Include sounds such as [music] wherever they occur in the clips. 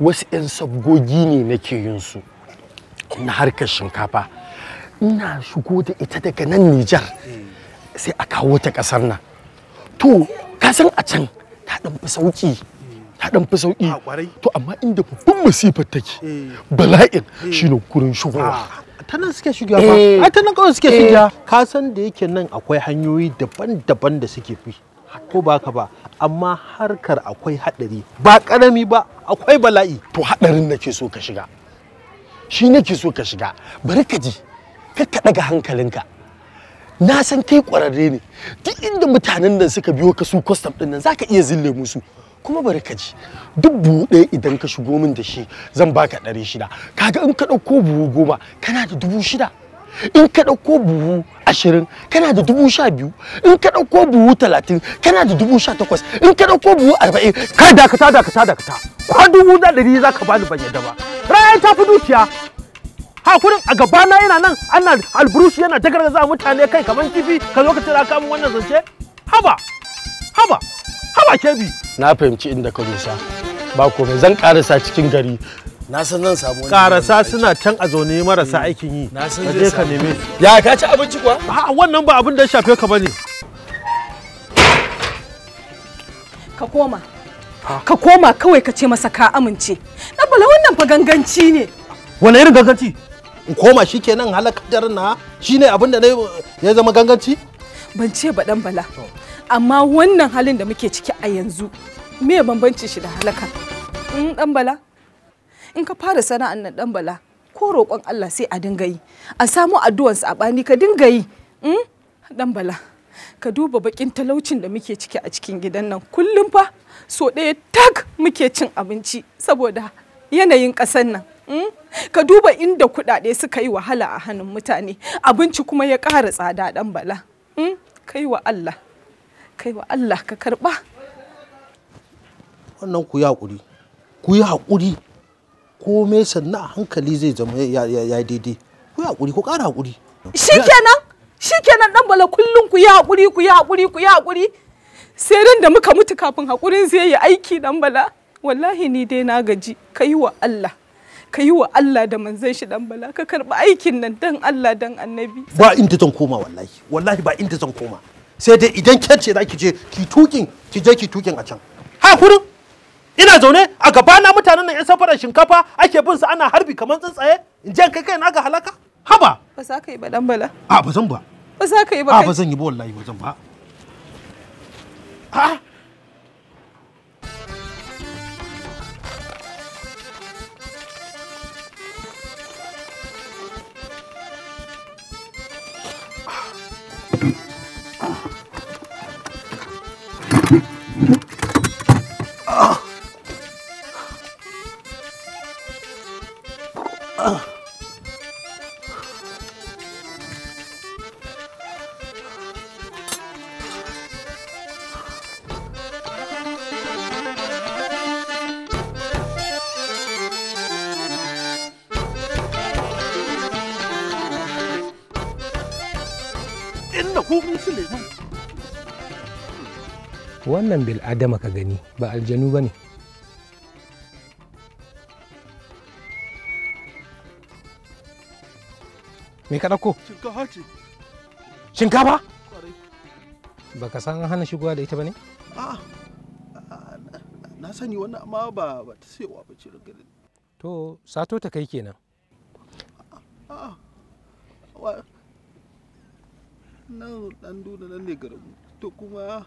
wasu 'yan sabgogi ne nake yin su na harkar shinkafa ina shigo da ita daga nan nijar sai a kawo ta kasar nan to ka san a can ta dan fi sauki ta dan fi sauki to amma inda babban masifar take eh. bala'in eh. shine kurin shigowa ah, ta nan suke ba eh. ai ta nan kawai suke shiga ka san da yake nan akwai hanyoyi daban-daban da suke fi ko baka ba amma harkar akwai haɗari ba ƙarami ba akwai bala'i to haɗarin ke so ka shiga shi ke so ka shiga bari ka ji ka daga hankalinka na san kai ƙwararre ne duk inda mutanen nan suka biyo ka su kwastam ɗin nan zaka iya zille musu kuma bari ka ji duk buhu ɗaya idan ka shigo min da shi zan baka ɗari shida kaga in ka ɗauko buhu goma kana da dubu shida in ka ɗauko buhu ashirin kana da dubu sha biyu in ka ɗauko buhu talatin kana da dubu sha takwas in ka ɗauko buhu arba'in kai dakata dakata dakata ko dubu da ɗari za ka bani ban yadda ba raya ta fi dukiya hakurin a gabana yana nan ana alburushi yana dagargaza mutane kai kamar kifi ka zo ka tira kamun wannan zance haba haba haba kebi na fahimci inda ka dosa ba komai zan karasa cikin gari na san zan samu wani karasa suna can a zaune marasa hmm. aikin yi na san zai ka neme ya ka ci abinci kuwa ha wannan ba abin da ya shafe ka bane ka koma ka koma kawai ka ce masa ka amince na bala wannan fa ganganci ne wani irin ganganci in koma shikenan halakar na shine abin da ya zama ganganci ban ce ba dan bala amma wannan halin da muke ciki a yanzu me bambanci shi da halaka dan hmm, bala in ka fara sana'an nan dan bala ko roƙon Allah sai a dinga yi a samu addu'an sabani ka dinga yi dan hmm? bala ka duba bakin talaucin da muke ciki a cikin gidan nan kullum fa so ɗaya tak muke cin abinci saboda yanayin ƙasar nan hmm? ka duba inda kuɗaɗe suka yi wahala a hannun mutane abinci kuma ya ƙara tsada ɗan bala hmm? kai wa Allah kai wa Allah ka karɓa wannan ku yi haƙuri ku yi haƙuri komai sannan a hankali zai zama ya daidai ku hakuri ku ƙara hakuri shikenan shikenan dan bala kullun ku yi hakuri ku yi hakuri ku yi hakuri sai ran da muka mutu kafin hakurin zai yi aiki dan bala wallahi ni dai na gaji ka yi wa Allah ka yi wa Allah da manzon shi dan bala ka karba aikin nan dan Allah dan annabi ba inda zan koma wallahi wallahi ba inda zan koma sai dai idan kyan zaki je ki tukin ki je ki tukin a can ha ina zaune a gabana mutanen nan 'yan safarar shinkafa ake bin su ana harbi kamar tsuntsaye in je kai kai na ga halaka haba ba za ka yi ba dan bala a ba zan ba ba za ka yi ba a ba zan yi ba wallahi ba zan ba a da komai su leman wannan bil adama ka gani ba aljanu ba ne me ka ɗauko shinkafa ce shinkafa baka san hana shigowa da ita ba ne na sani wannan amma ba ba ta sayowa ba ce rigari to sato ta kai kenan nan dan duna nan ne garinmu to kuma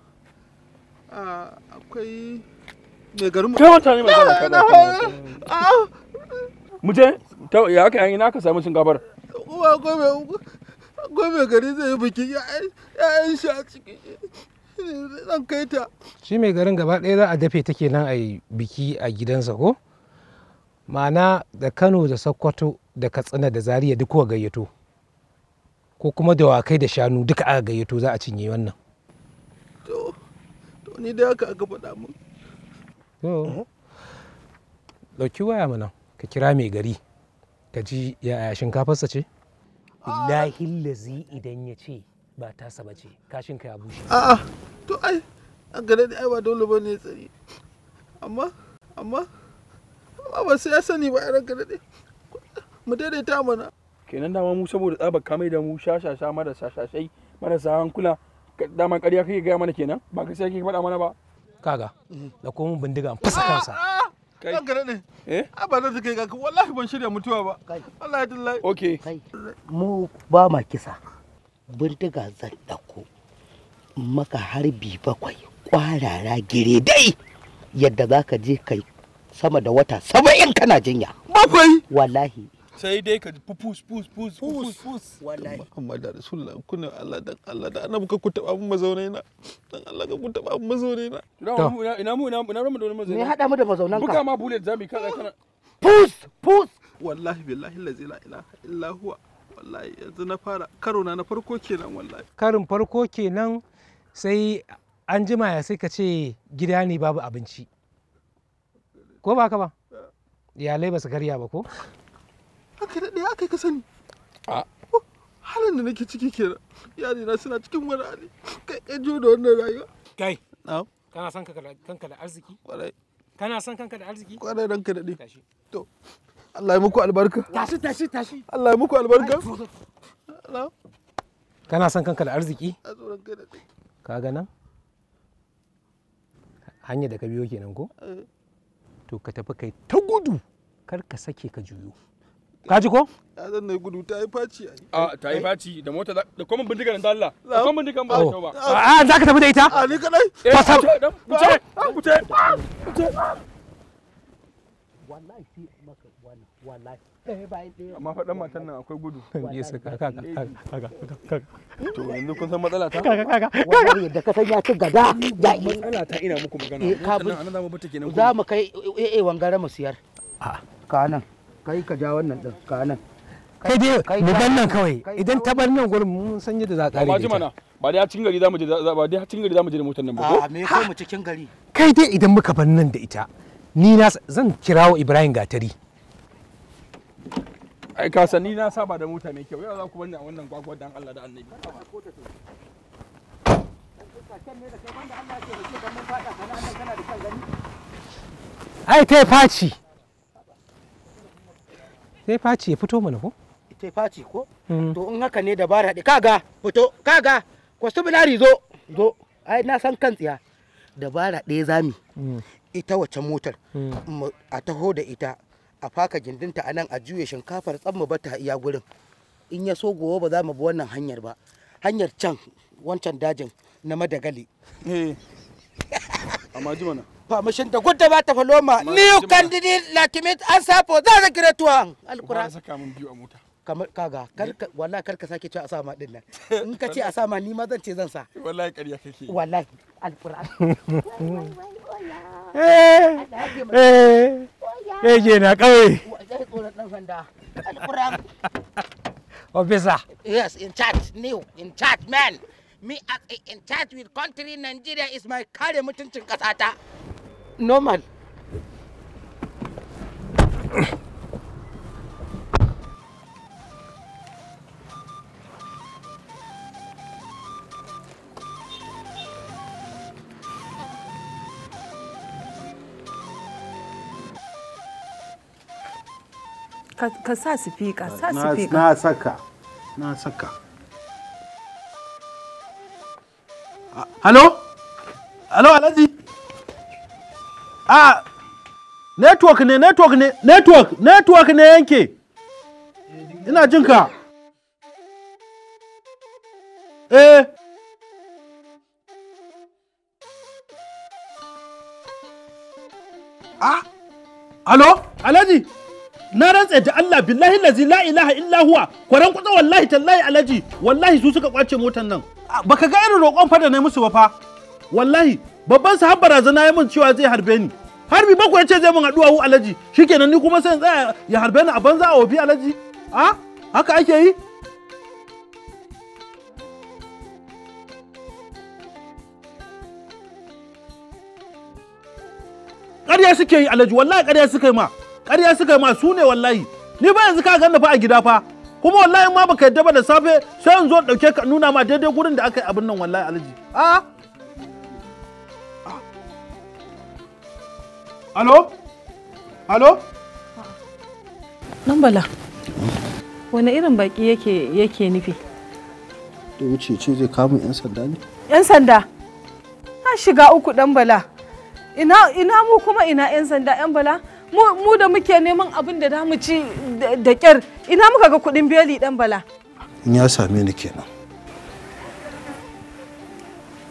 akwai mai garinmu kai wata ne magana ka da mu je ya aka ina naka samu shinkafar uwa gobe gobe gari zai yi biki ya'yan shi a ciki zan kai ta shi mai garin gaba ɗaya za a dafe take nan a yi biki a gidansa ko ma'ana da kano da sokoto da katsina da Zariya duk kuwa gayyato ko kuma dawakai da shanu duka aka gayyato za a cinye wannan to ni da haka aka faɗa mun to ɗauki waya mana ka kira mai gari ka ji yaya shinkafarsa ce billahi lazi idan ya ce ba ta saba ce kashin ka ya bushe a'a to ai a gane da ai ba dole ba ne tsari amma amma amma ba sai ya sani ba a ranka daɗe mu daidaita mana kenan dama mu saboda tsabar kamai da mu shashasha marasa shashai marasa hankula dama ƙarya kake gaya mana kenan ba sai kake faɗa mana ba kaga da kuma bindiga fasa kansa kai kan ne eh ba da kai ga wallahi ban shirya mutuwa ba wallahi dillahi okay mu ba ma kisa bindiga zan dako maka harbi bakwai kwarara dai yadda zaka je kai sama da wata saba'in kana jinya bakwai wallahi sai dai ka pus pus pus pus pus wallahi Muhammad Rasulullah kuna Allah dan Allah da annabi ka ku taba mun mazaunai na dan Allah ka ku taba mun mazaunai na ina mu ina mu ina mu da mazaunai ne hada mu da mazaunan ka buka ma bullet zami ka kana pus pus wallahi billahi la ilaha illa huwa wallahi yanzu na fara karo na na farko kenan wallahi karin farko kenan sai an jima ya sai ka ce gida ne babu abinci ko ba ka ba eh. iyalai ba su karya ba ko haka da ɗaya aka ka sani oh, halin da nake ciki kenan yare na suna cikin wani hali kai kai jo da wannan rayuwa kai kana son kanka da arziki kwarai kana son kanka da arziki kwarai to Allah ya muku albarka tashi tashi tashi Allah ya muku albarka kana son kanka da arziki ka gana hanyar da ka biyo kenan ko eh. to ka tafi kai ta gudu kar ka sake ka juyo ka ji ko ya zan na gudu ta yi faci a ta yi faci da mota da kuma bindigar da Allah da kuma bindigar ba kyau ba a za ka tafi da ita a ni kadai fasa eh, wallahi sai maka wani wallahi eh, amma faɗan matan nan akwai gudu kaka kaka kaka to yanzu kun san matsala ta kaka kaka kaka ka san ya ci gada matsala ta ina muku magana eh, ka bi za mu kai eh wangare mu siyar a ah. kanan kai ka ja wannan din ka nan kai dai mu ban nan kawai idan ta bar nan gurin mun san yadda za ka rage mana ba dai cikin gari zamu je ba dai cikin gari zamu je da motar nan ba ko ah, me kai mu cikin gari kai dai idan muka bar nan da ita ni na zan kirawo Ibrahim Gatari ai ka san ni na saba da mota mai kyau yau za ku bar nan wannan gwagwar dan Allah da Annabi ai ta faci sai faci ya fito mana ko sai faci ko mm. to in haka ne dabara da kaga fito kaga kwastubulari zo zo ai na san kan tsiya dabara ɗaya zami mm. ita wacce motar mm. a taho da ita a faka gindinta a nan a juya shinkafar tsamma ba ta iya gurin in ya so gowa ba za mu bi wannan hanyar ba hanyar can wancan dajin na madagali eh. amma [laughs] ji mana permission da gudda ba ta faloma new candidate lakimit an safo za ta kira tuwa alkura saka mun biyu a mota kamar kaga karka wallahi karka sake cewa asama din nan [laughs] in ka ce asama ni ma zan ce zan sa wallahi ƙarya kake wallahi alquran [laughs] eh eh je na kai officer yes in charge new in charge man me as uh, a in charge with country Nigeria is my kare mutuncin kasata normal. ka sa sifika sa na saka na saka ah, a network ne network ne network network ne yanke ina jin ka eh a alo Alaji. na rantse da Allah billahi lazi la ilaha illa huwa kwaran kwatsa wallahi tallahi alaji wallahi su suka kwace motan nan baka ga irin roƙon fa da na musu ba fa wallahi babban sahabbar barazana ya mun cewa zai harbe ni harbi bakwai ya ce zai mun haɗu a alaji shikenan ni kuma sai tsaya ya harbe ni a banza a wofi alaji a haka ake yi ƙarya suke yi alaji wallahi ƙarya suke yi ma ƙarya suke yi ma su ne wallahi ni ba yanzu ka ganna fa a gida fa kuma wallahi ma baka yadda ba da safe sai yanzu zo dauke ka nuna ma daidai gurin da aka yi abin nan wallahi alaji a'a Alo? Alo? Nan bala. Wane irin baki yake yake nufi? Da wuce ce zai kamun 'yan sanda ne? 'Yan sanda? Na shiga uku dan bala. Ina ina mu kuma ina 'yan sanda 'yan bala? Mu da muke neman abin da damu ci da kyar ina muka ga kudin beli dan bala. In ya same ni kenan.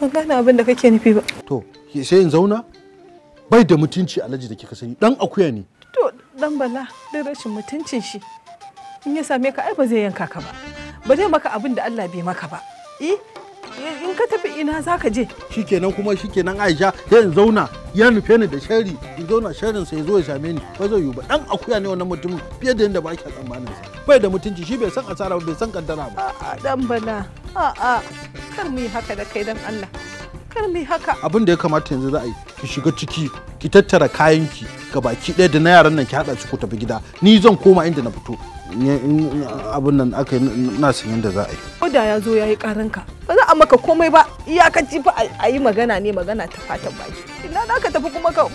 Ban gane abin da kake nufi ba. To, sai in zauna? bai da mutunci alhaji da kika sani dan akuya ne to dan bala da rashin mutuncin shi in ya same ka ai ba zai yanka ka ba ba zai maka abin da Allah bai maka ba eh in ka tafi ina za ka je shikenan kuma shikenan Aisha sai in zauna ya nufe ni da sharri in zauna sharrin sai zo ya same ni ba zai yiwu ba dan akuya ne wannan mutumin fiye da yadda ba ka tsammanin sa bai da mutunci shi bai san asara bai san kaddara ba a'a dan bala a'a kar mu yi haka da kai dan Allah kar mu yi haka abin da ya kamata yanzu za a yi ki shiga ciki ki tattara kayanki ga baki ɗaya da na yaran nan ki haɗa su ku tafi gida ni zan koma inda na fito abin nan aka na san yadda za a yi. da ya zo ya yi karanka ba za a maka komai ba iyakaci fa a yi magana ne magana ta fatan baki ina za ka tafi kuma ka.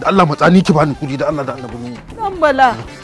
Da Allah matsani ki bani kuɗi da Allah da Allah. bala